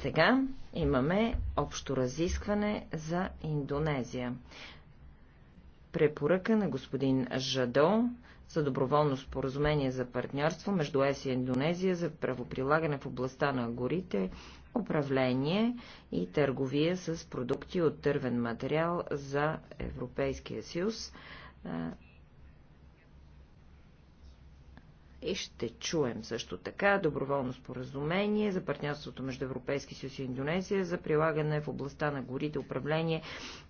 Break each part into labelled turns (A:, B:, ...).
A: Сега имаме общо разискване за Индонезия. Препоръка на господин Жадо за доброволно споразумение за партньорство между ЕС и Индонезия за правоприлагане в областта на горите, управление и търговия с продукти от тървен материал за Европейския съюз. и ще чуем също така доброволно споразумение за партньорството между Европейски съюз и Индонезия за прилагане в областта на горите, управление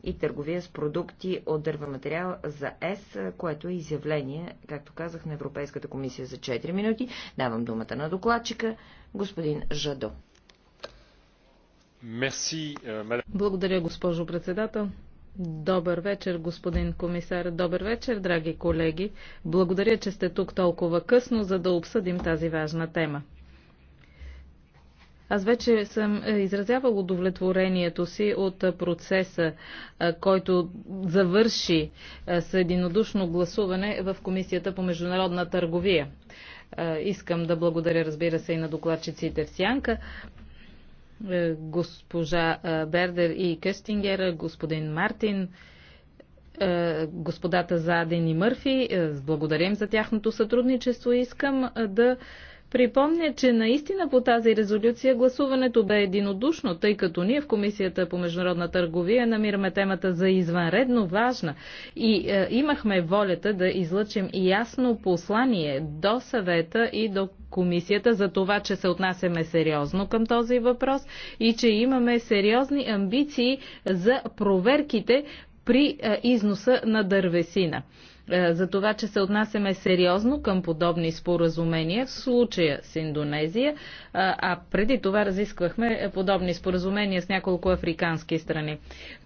A: и търговия с продукти от материал за ЕС, което е изявление, както казах, на Европейската комисия за 4 минути. Давам думата
B: на докладчика, господин Жадо. Euh, Благодаря, госпожо председател. Добър вечер, господин комисар. Добър вечер, драги колеги. Благодаря, че сте тук толкова късно, за да обсъдим тази важна тема. Аз вече съм е, изразявал удовлетворението си от е, процеса, е, който завърши с единодушно гласуване в Комисията по международна търговия. Искам да благодаря, разбира се, и на докладчиците в Сянка. Е, госпожа е, Бердер и Къстингер, господин Мартин, е, господата Заден и Мърфи. Благодарим за тяхното сътрудничество. Искам да припомня, че наистина по тази резолюция гласуването бе единодушно, тъй като ние в Комисията по международна търговия намираме темата за извънредно важна и е, имахме волята да излъчим ясно послание до съвета и до комисията за това, че се отнасяме сериозно към този въпрос и че имаме сериозни амбиции за проверките при е, износа на дървесина. Е, за това, че се отнасяме сериозно към подобни споразумения, в случая с Индонезия, а преди това разисквахме подобни споразумения с няколко африкански страни.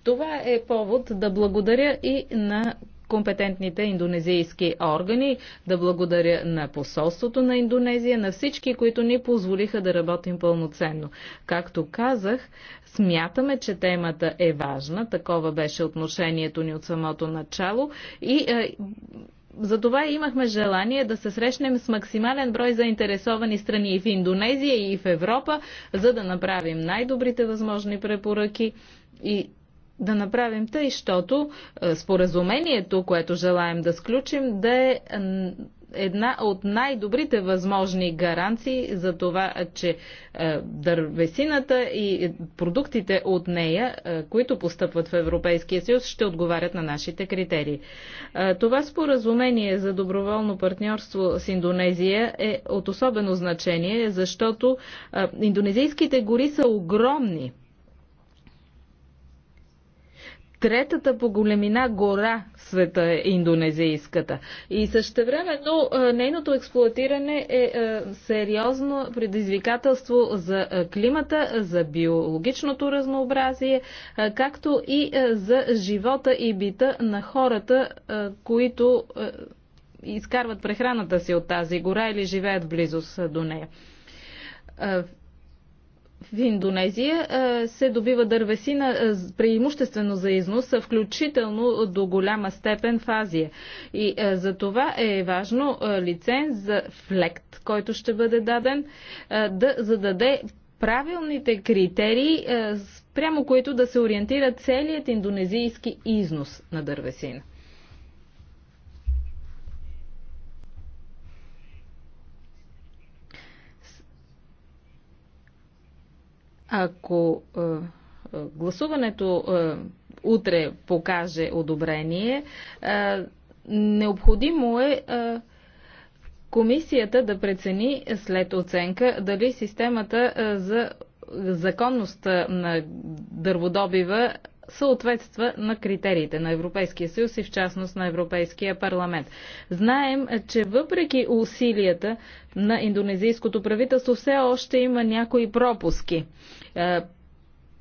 B: Това е повод да благодаря и на компетентните индонезийски органи, да благодаря на посолството на Индонезия, на всички, които ни позволиха да работим пълноценно. Както казах, Смятаме, че темата е важна. Такова беше отношението ни от самото начало. И е, затова имахме желание да се срещнем с максимален брой заинтересовани страни и в Индонезия, и в Европа, за да направим най-добрите възможни препоръки и да направим тъй, защото е, споразумението, което желаем да сключим, да е една от най-добрите възможни гаранции за това, че е, дървесината и продуктите от нея, е, които постъпват в Европейския съюз, ще отговарят на нашите критерии. Е, това споразумение за доброволно партньорство с Индонезия е от особено значение, защото индонезийските гори са огромни Третата по големина гора в света е индонезийската. И също но нейното експлуатиране е сериозно предизвикателство за климата, за биологичното разнообразие, както и за живота и бита на хората, които изкарват прехраната си от тази гора или живеят близост до нея в Индонезия се добива дървесина преимуществено за износ, включително до голяма степен в Азия. И за това е важно лиценз за флект, който ще бъде даден, да зададе правилните критерии, прямо които да се ориентира целият индонезийски износ на дървесина.
C: Ако е, е,
B: гласуването е, утре покаже одобрение, необходимо е комисията да прецени след оценка дали системата за законността на дърводобива съответства на критериите на Европейския съюз и в частност на Европейския парламент. Знаем, че въпреки усилията на индонезийското правителство все още има някои пропуски. Е,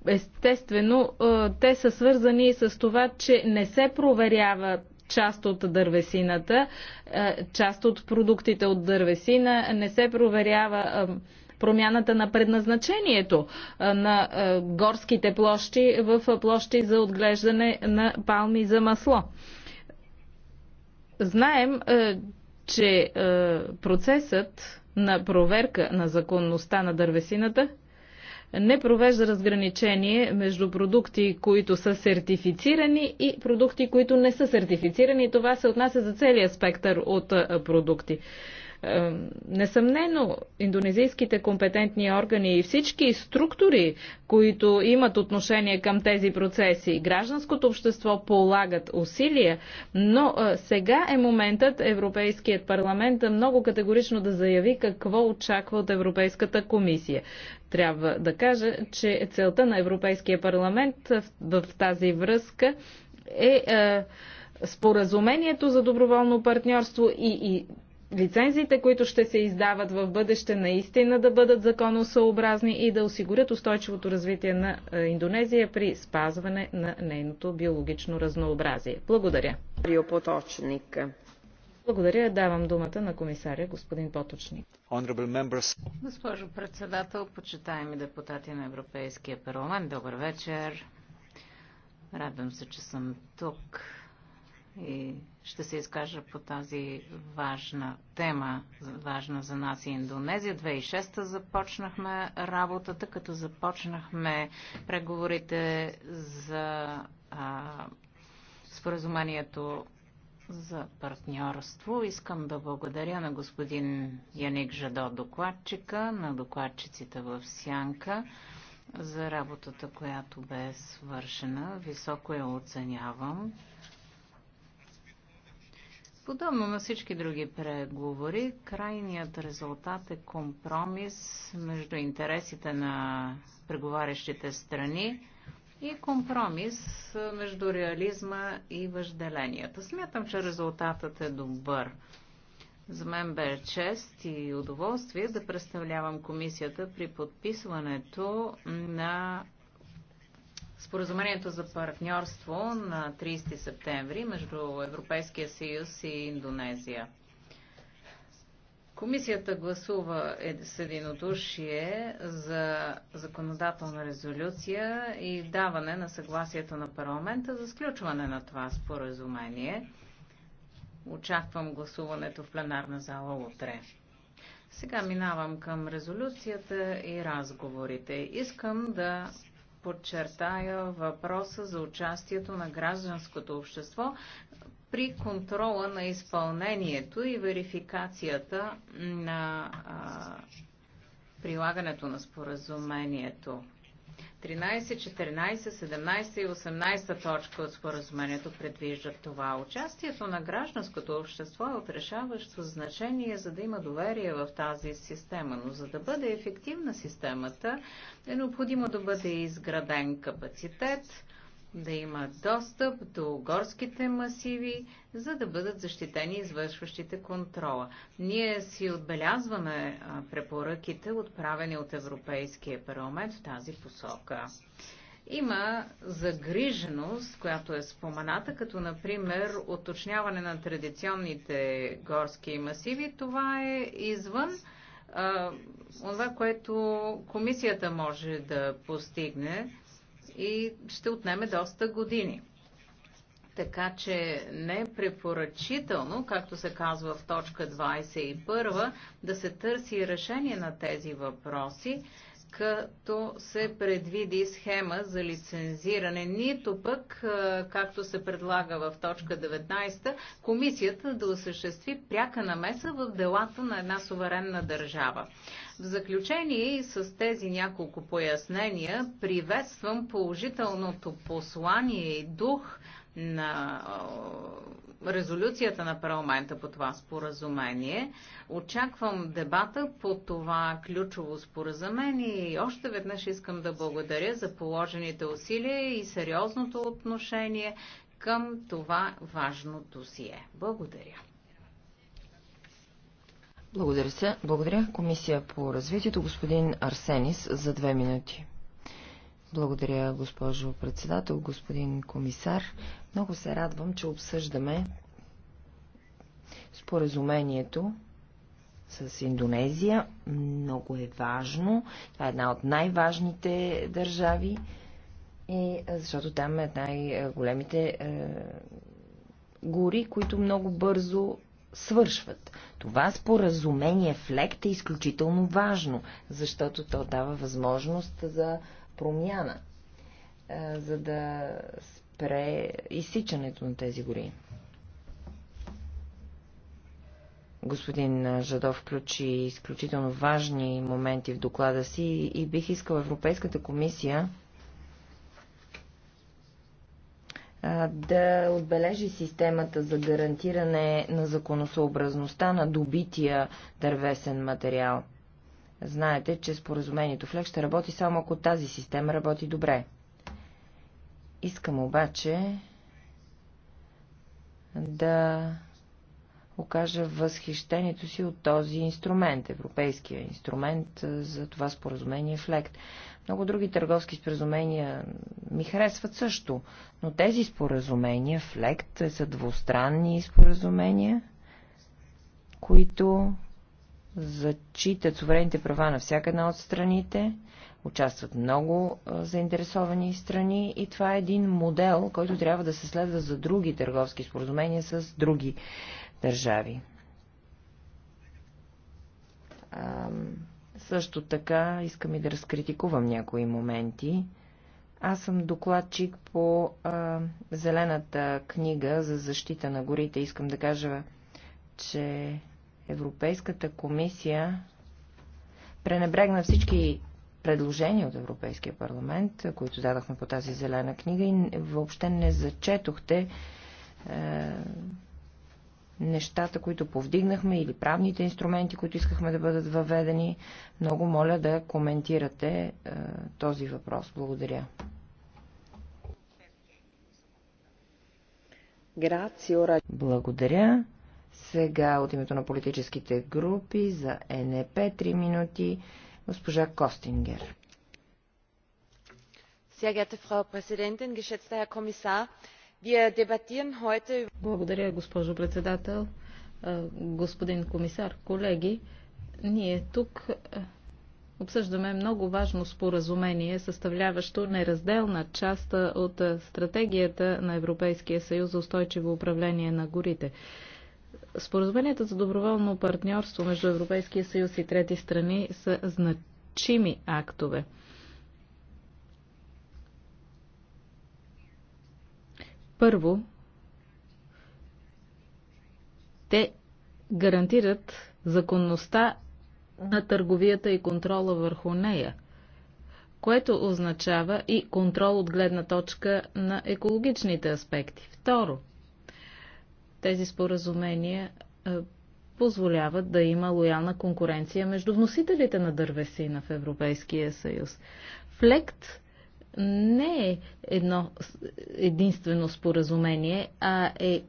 B: естествено, е, те са свързани и с това, че не се проверява част от дървесината, е, част от продуктите от дървесина, не се проверява промяната на предназначението на горските площи в площи за отглеждане на палми за масло. Знаем, че процесът на проверка на законността на дървесината не провежда разграничение между продукти, които са сертифицирани и продукти, които не са сертифицирани. Това се отнася за целия спектър от продукти. Несъмнено, индонезийските компетентни органи и всички структури, които имат отношение към тези процеси, гражданското общество полагат усилия, но е, сега е моментът Европейският парламент много категорично да заяви какво очаква от Европейската комисия. Трябва да кажа, че целта на Европейския парламент в тази връзка е, е споразумението за доброволно партньорство и, и лицензиите, които ще се издават в бъдеще, наистина да бъдат законосъобразни и да осигурят устойчивото развитие на е, Индонезия при спазване на нейното биологично разнообразие. Благодаря. Поточник. Благодаря. Давам думата на комисаря господин Поточник.
C: Госпожо председател, почитаеми депутати на Европейския парламент, добър вечер. Радвам се, че съм тук и ще се изкажа по тази важна тема, важна за нас и Индонезия. 2006 започнахме работата, като започнахме преговорите за а, споразумението за партньорство. Искам да благодаря на господин Яник Жадо, докладчика, на докладчиците в Сянка за работата, която бе свършена. Високо я оценявам. Подобно на всички други преговори, крайният резултат е компромис между интересите на преговарящите страни и компромис между реализма и въжделенията. Смятам, че резултатът е добър. За мен бе чест и удоволствие да представлявам комисията при подписването на Споразумението за партньорство на 30 септември между Европейския съюз и Индонезия. Комисията гласува е, с единодушие за законодателна резолюция и даване на съгласието на парламента за сключване на това споразумение. Очаквам гласуването в пленарна зала утре. Сега минавам към резолюцията и разговорите. Искам да подчертая въпроса за участието на гражданското общество при контрола на изпълнението и верификацията на а, прилагането на споразумението. 13, 14, 17 и 18 точка от споразумението предвиждат това. Участието на гражданското общество е от решаващо значение, за да има доверие в тази система, но за да бъде ефективна системата е необходимо да бъде изграден капацитет, да има достъп до горските масиви, за да бъдат защитени извършващите контрола. Ние си отбелязваме препоръките, отправени от Европейския парламент в тази посока. Има загриженост, която е спомената, като например уточняване на традиционните горски масиви. Това е извън а, това, което комисията може да постигне и ще отнеме доста години. Така че не е препоръчително, както се казва в точка 21, да се търси решение на тези въпроси, като се предвиди схема за лицензиране, нито пък, както се предлага в точка 19, комисията да осъществи пряка намеса в делата на една суверенна държава. В заключение с тези няколко пояснения приветствам положителното послание и дух на резолюцията на парламента по това споразумение. Очаквам дебата по това ключово споразумение и още веднъж искам да благодаря за положените усилия и сериозното отношение към това важно досие. Благодаря.
A: Благодаря се. Благодаря. Комисия по развитието, господин Арсенис, за две минути. Благодаря, госпожо председател, господин комисар. Много се радвам, че обсъждаме споразумението с Индонезия. Много е важно. Това е една от най-важните държави, и, защото там е най-големите е, гори, които много бързо свършват. Това споразумение в ЛЕКТ е изключително важно, защото то дава възможност за промяна, за да спре изсичането на тези гори. Господин Жадов включи изключително важни моменти в доклада си и бих искал Европейската комисия да отбележи системата за гарантиране на законосъобразността на добития дървесен материал. Знаете, че споразумението в ЛЕК ще работи само ако тази система работи добре. Искам обаче да окажа възхищението си от този инструмент, европейския инструмент за това споразумение в ЛЕКТ. Много други търговски споразумения ми харесват също, но тези споразумения в лект са двустранни споразумения, които зачитат суверените права на всяка една от страните, участват много заинтересовани страни и това е един модел, който трябва да се следва за други търговски споразумения с други държави. Също така искам и да разкритикувам някои моменти. Аз съм докладчик по а, Зелената книга за защита на горите. Искам да кажа, че Европейската комисия пренебрегна всички предложения от Европейския парламент, които дадахме по тази зелена книга и въобще не зачетохте е, нещата, които повдигнахме или правните инструменти, които искахме да бъдат въведени. Много моля да коментирате е, този въпрос. Благодаря. Благодаря. Сега от името на политическите групи за НП 3 минути госпожа Костингер. Sehr geehrte Frau Präsidentin, geschätzter Herr Kommissar,
B: благодаря, госпожо председател, господин комисар, колеги. Ние тук обсъждаме много важно споразумение, съставляващо неразделна част от стратегията на Европейския съюз за устойчиво управление на горите. Споразуменията за доброволно партньорство между Европейския съюз и трети страни са значими актове. Първо, те гарантират законността на търговията и контрола върху нея, което означава и контрол от гледна точка на екологичните аспекти. Второ, тези споразумения е, позволяват да има лоялна конкуренция между вносителите на дървесина в Европейския съюз. Флект не е едно единствено споразумение, а е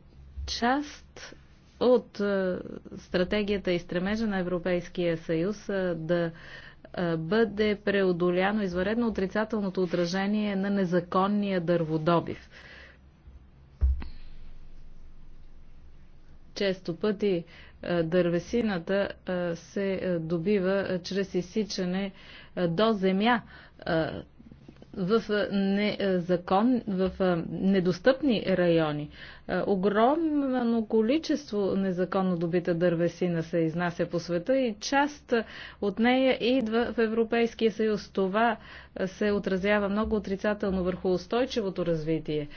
B: част от е, стратегията и стремежа на Европейския съюз е, да е, бъде преодоляно изваредно отрицателното отражение на незаконния дърводобив. Често пъти дървесината се добива чрез изсичане до земя в, незакон, в недостъпни райони. Огромно количество незаконно добита дървесина се изнася по света и част от нея идва в Европейския съюз. Това се отразява много отрицателно върху устойчивото развитие.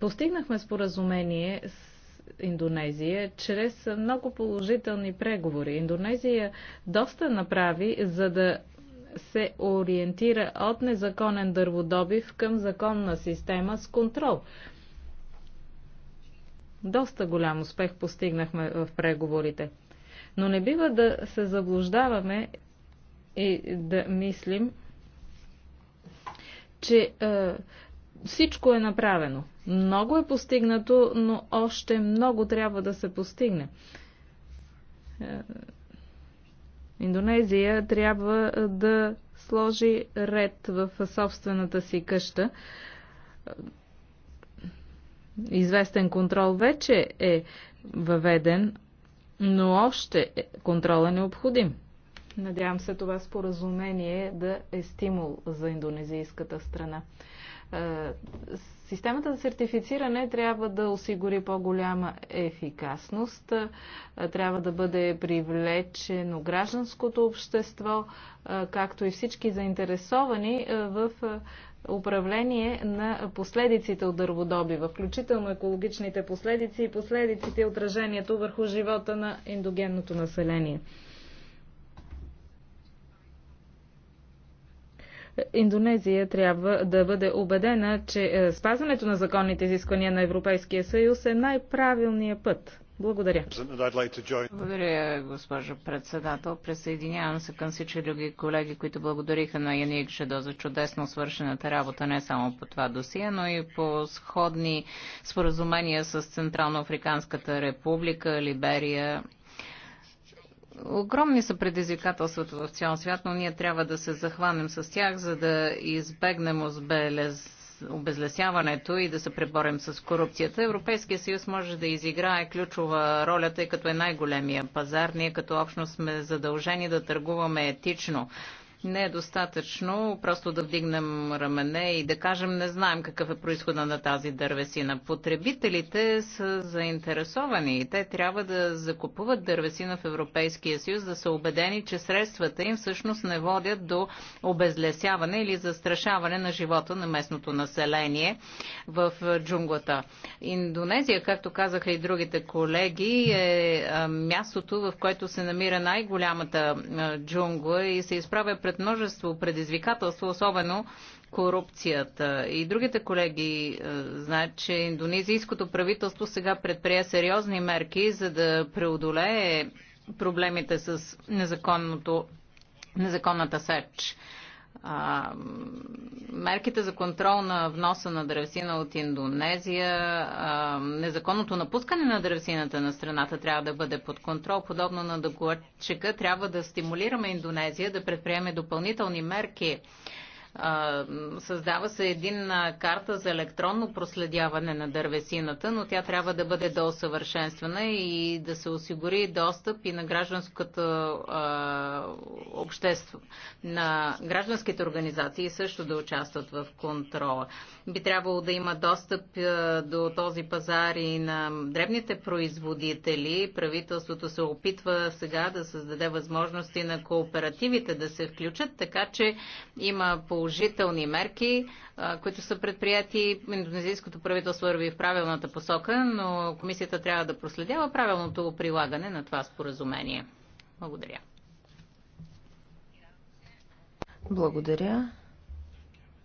B: Постигнахме споразумение с Индонезия чрез много положителни преговори. Индонезия доста направи, за да се ориентира от незаконен дърводобив към законна система с контрол. Доста голям успех постигнахме в преговорите. Но не бива да се заблуждаваме и да мислим, че е, всичко е направено. Много е постигнато, но още много трябва да се постигне. Е, Индонезия трябва да сложи ред в собствената си къща. Известен контрол вече е въведен, но още е- контрол е необходим. Надявам се това споразумение да е стимул за индонезийската страна Системата за сертифициране трябва да осигури по-голяма ефикасност, трябва да бъде привлечено гражданското общество, както и всички заинтересовани в управление на последиците от дърводобива, включително екологичните последици и последиците отражението върху живота на индогенното население. Индонезия трябва да бъде убедена, че е, спазването на законните изисквания на Европейския съюз е най-правилният път. Благодаря.
C: Благодаря, госпожо председател. Присъединявам се към всички други колеги, които благодариха на Яник Шедо за чудесно свършената работа не само по това досие, но и по сходни споразумения с Централно Африканската република, Либерия Огромни са предизвикателствата в цял свят, но ние трябва да се захванем с тях, за да избегнем обезлесяването и да се преборим с корупцията. Европейския съюз може да изиграе ключова роля, тъй като е най-големия пазар. Ние като общност сме задължени да търгуваме етично не е достатъчно просто да вдигнем рамене и да кажем не знаем какъв е происхода на тази дървесина. Потребителите са заинтересовани и те трябва да закупуват дървесина в Европейския съюз, да са убедени, че средствата им всъщност не водят до обезлесяване или застрашаване на живота на местното население в джунглата. Индонезия, както казаха и другите колеги, е мястото, в което се намира най-голямата джунгла и се изправя пред пред множество предизвикателства, особено корупцията. И другите колеги е, знаят, че индонезийското правителство сега предприе сериозни мерки, за да преодолее проблемите с незаконното, незаконната сеч а, мерките за контрол на вноса на дървесина от Индонезия, а, незаконното напускане на дървесината на страната трябва да бъде под контрол. Подобно на докладчика, трябва да стимулираме Индонезия да предприеме допълнителни мерки Създава се един карта за електронно проследяване на дървесината, но тя трябва да бъде доусъвършенствана и да се осигури достъп и на гражданското общество, на гражданските организации също да участват в контрола. Би трябвало да има достъп до този пазар и на дребните производители. Правителството се опитва сега да създаде възможности на кооперативите да се включат, така че има по положителни мерки, които са предприяти. Индонезийското правителство върви в правилната посока, но комисията трябва да проследява правилното прилагане на това споразумение. Благодаря.
A: Благодаря.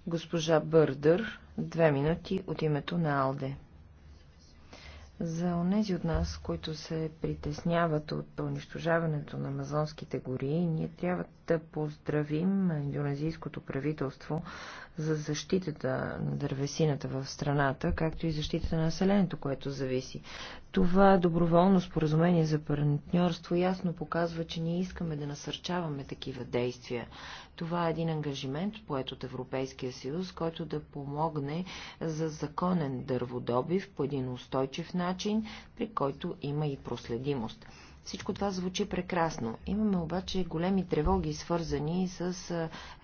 A: Госпожа Бърдър, две минути от името на Алде. За онези от нас, които се притесняват от унищожаването на амазонските гори, ние трябва да поздравим индонезийското правителство за защитата на дървесината в страната, както и защитата на населението, което зависи. Това доброволно споразумение за партньорство ясно показва, че ние искаме да насърчаваме такива действия. Това е един ангажимент, поет от Европейския съюз, който да помогне за законен дърводобив по един устойчив начин, при който има и проследимост. Всичко това звучи прекрасно. Имаме обаче големи тревоги, свързани с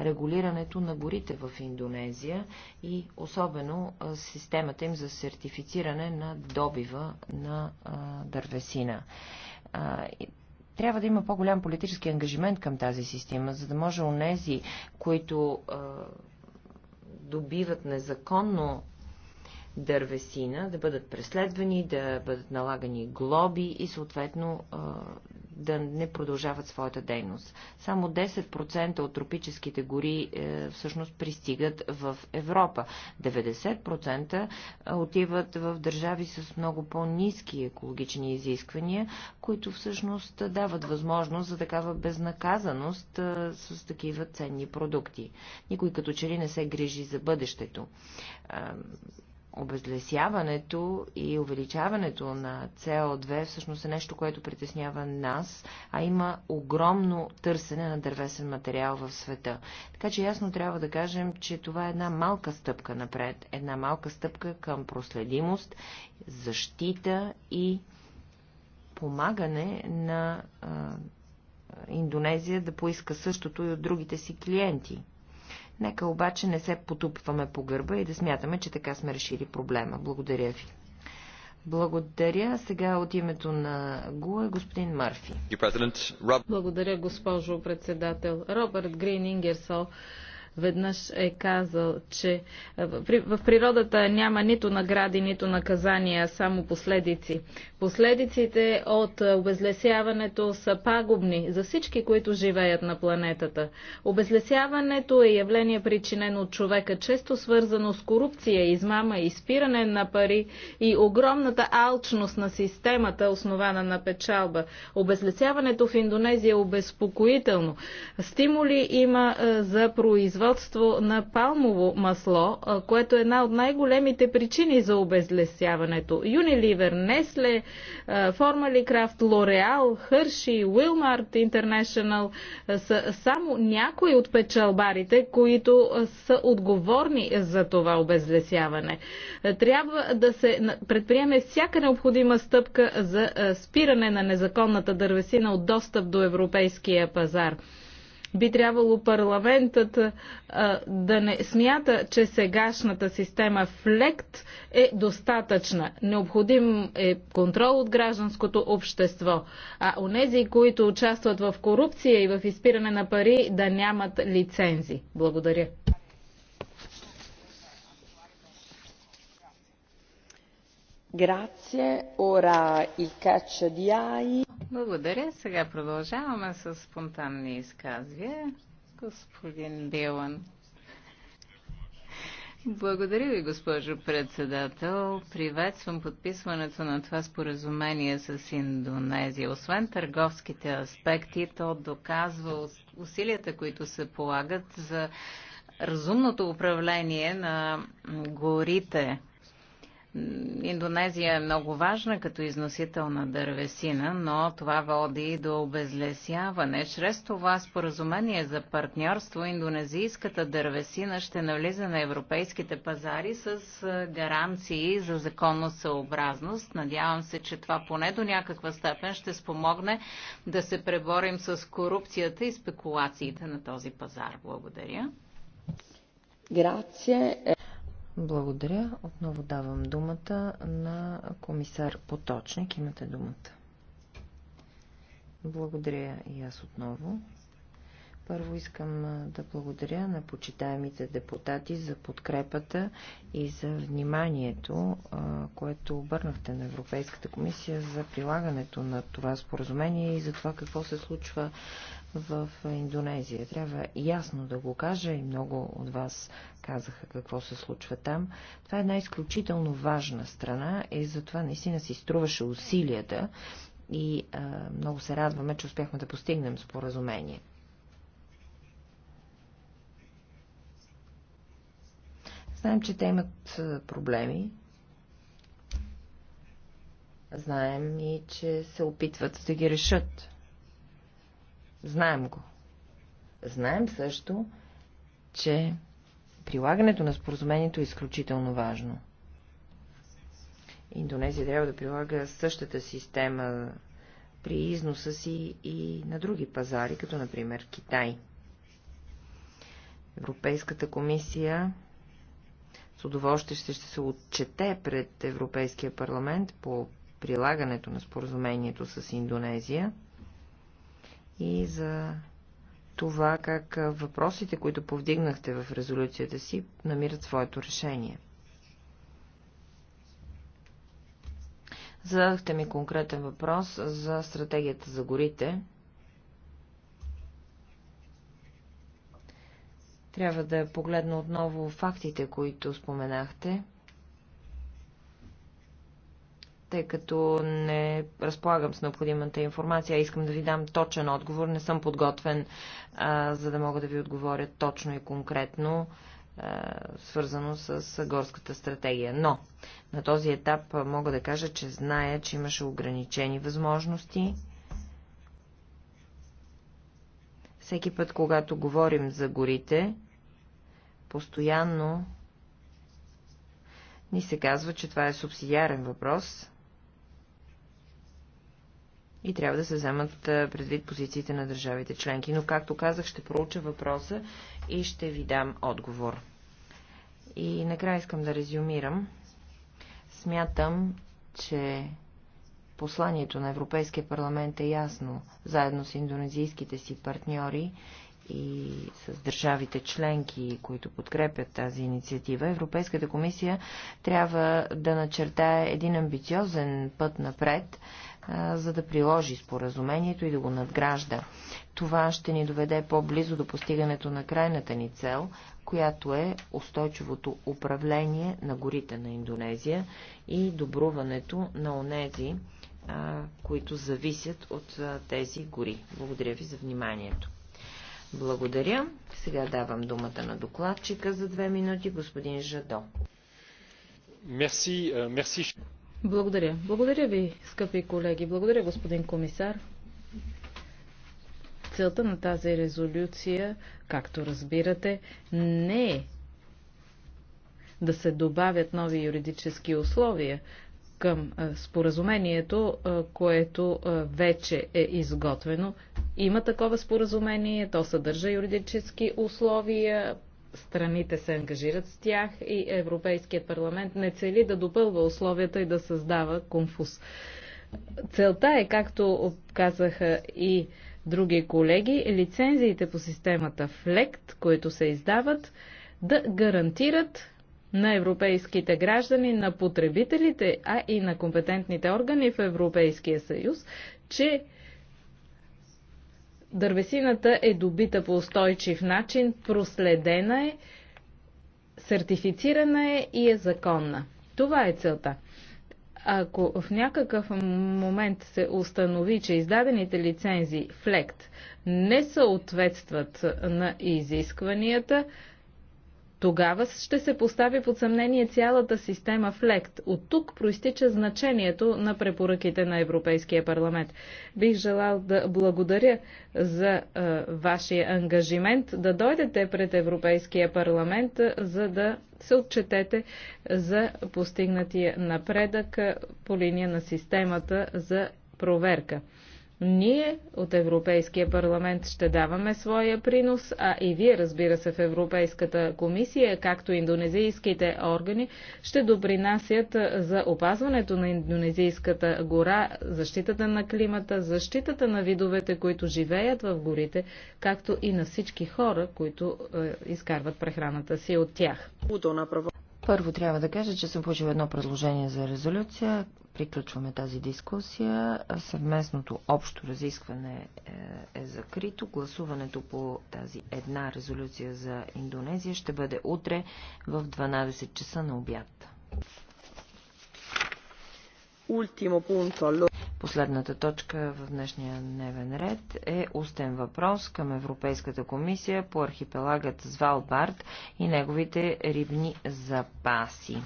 A: регулирането на горите в Индонезия и особено системата им за сертифициране на добива на дървесина трябва да има по-голям политически ангажимент към тази система, за да може онези, които а, добиват незаконно дървесина, да бъдат преследвани, да бъдат налагани глоби и съответно да не продължават своята дейност. Само 10% от тропическите гори е, всъщност пристигат в Европа. 90% е, отиват в държави с много по-низки екологични изисквания, които всъщност дават възможност за такава безнаказаност е, с такива ценни продукти. Никой като че ли не се грижи за бъдещето. Е, обезлесяването и увеличаването на CO2 всъщност е нещо, което притеснява нас, а има огромно търсене на дървесен материал в света. Така че ясно трябва да кажем, че това е една малка стъпка напред, една малка стъпка към проследимост, защита и помагане на а, Индонезия да поиска същото и от другите си клиенти. Нека обаче не се потупваме по гърба и да смятаме, че така сме решили проблема. Благодаря ви. Благодаря. Сега от
B: името на ГУА господин Марфи. Благодаря, госпожо председател. Робърт Грин Ингерсол веднъж е казал, че е, в природата няма нито награди, нито наказания, само последици. Последиците от е, обезлесяването са пагубни за всички, които живеят на планетата. Обезлесяването е явление причинено от човека, често свързано с корупция, измама, и спиране на пари и огромната алчност на системата, основана на печалба. Обезлесяването в Индонезия е обезпокоително. Стимули има е, за производство производство на палмово масло, което е една от най-големите причини за обезлесяването. Юниливер, Несле, Формали Крафт, Лореал, Хърши, Уилмарт Интернешнъл са само някои от печалбарите, които са отговорни за това обезлесяване. Трябва да се предприеме всяка необходима стъпка за спиране на незаконната дървесина от достъп до европейския пазар. Би трябвало парламентът а, да не смята, че сегашната система ФЛЕКТ е достатъчна. Необходим е контрол от гражданското общество. А онези, които участват в корупция и в изпиране на пари, да нямат лицензи. Благодаря.
C: Благодаря. Сега продължаваме с спонтанни изказвия. Господин Билан. Благодаря ви, госпожо председател. Приветствам подписването на това споразумение с Индонезия. Освен търговските аспекти, то доказва усилията, които се полагат за разумното управление на горите Индонезия е много важна като износител на дървесина, но това води до обезлесяване. Чрез това споразумение за партньорство индонезийската дървесина ще навлиза на европейските пазари с гаранции за съобразност. Надявам се, че това поне до някаква степен ще спомогне да се преборим с корупцията и спекулациите на този пазар. Благодаря.
A: Грация. Благодаря. Отново давам думата на комисар Поточник. Имате думата. Благодаря и аз отново. Първо искам да благодаря на почитаемите депутати за подкрепата и за вниманието, което обърнахте на Европейската комисия за прилагането на това споразумение и за това какво се случва в Индонезия. Трябва ясно да го кажа и много от вас казаха какво се случва там. Това е една изключително важна страна и затова наистина си струваше усилията и а, много се радваме, че успяхме да постигнем споразумение. Знаем, че те имат проблеми. Знаем и, че се опитват да ги решат. Знаем го. Знаем също, че прилагането на споразумението е изключително важно. Индонезия трябва да прилага същата система при износа си и на други пазари, като например Китай. Европейската комисия с удоволствие ще, ще се отчете пред Европейския парламент по прилагането на споразумението с Индонезия – и за това как въпросите, които повдигнахте в резолюцията си, намират своето решение. Зададохте ми конкретен въпрос за стратегията за горите. Трябва да погледна отново фактите, които споменахте тъй като не разполагам с необходимата информация. Искам да ви дам точен отговор. Не съм подготвен, а, за да мога да ви отговоря точно и конкретно, а, свързано с горската стратегия. Но на този етап мога да кажа, че зная, че имаше ограничени възможности. Всеки път, когато говорим за горите, постоянно ни се казва, че това е субсидиарен въпрос и трябва да се вземат предвид позициите на държавите членки. Но, както казах, ще проуча въпроса и ще ви дам отговор. И накрая искам да резюмирам. Смятам, че посланието на Европейския парламент е ясно, заедно с индонезийските си партньори и с държавите членки, които подкрепят тази инициатива, Европейската комисия трябва да начертае един амбициозен път напред за да приложи споразумението и да го надгражда. Това ще ни доведе по-близо до постигането на крайната ни цел, която е устойчивото управление на горите на Индонезия и добруването на онези, които зависят от тези гори. Благодаря ви за вниманието. Благодаря. Сега давам думата на докладчика за две минути, господин Жадо.
B: Мерси, мерси. Euh, благодаря. Благодаря ви, скъпи колеги. Благодаря, господин комисар. Целта на тази резолюция, както разбирате, не е да се добавят нови юридически условия към споразумението, което вече е изготвено. Има такова споразумение, то съдържа юридически условия, страните се ангажират с тях и Европейският парламент не цели да допълва условията и да създава конфуз. Целта е, както казаха и други колеги, лицензиите по системата FLECT, които се издават, да гарантират на европейските граждани, на потребителите, а и на компетентните органи в Европейския съюз, че Дървесината е добита по устойчив начин, проследена е, сертифицирана е и е законна. Това е целта. Ако в някакъв момент се установи, че издадените лицензии флект не съответстват на изискванията, тогава ще се постави под съмнение цялата система в лект. От тук проистича значението на препоръките на Европейския парламент. Бих желал да благодаря за е, вашия ангажимент да дойдете пред Европейския парламент, за да се отчетете за постигнатия напредък по линия на системата за проверка. Ние от Европейския парламент ще даваме своя принос, а и вие, разбира се, в Европейската комисия, както индонезийските органи, ще допринасят за опазването на индонезийската гора, защитата на климата, защитата на видовете, които живеят в горите, както и на всички хора, които е, изкарват прехраната си от тях. Първо
A: трябва да кажа, че съм получил едно предложение за резолюция Приключваме тази дискусия. Съвместното общо разискване е, е закрито. Гласуването по тази една резолюция за Индонезия ще бъде утре в 12 часа на обяд. Последната точка в днешния дневен ред е устен въпрос към Европейската комисия по архипелагът Звалбард и неговите рибни запаси.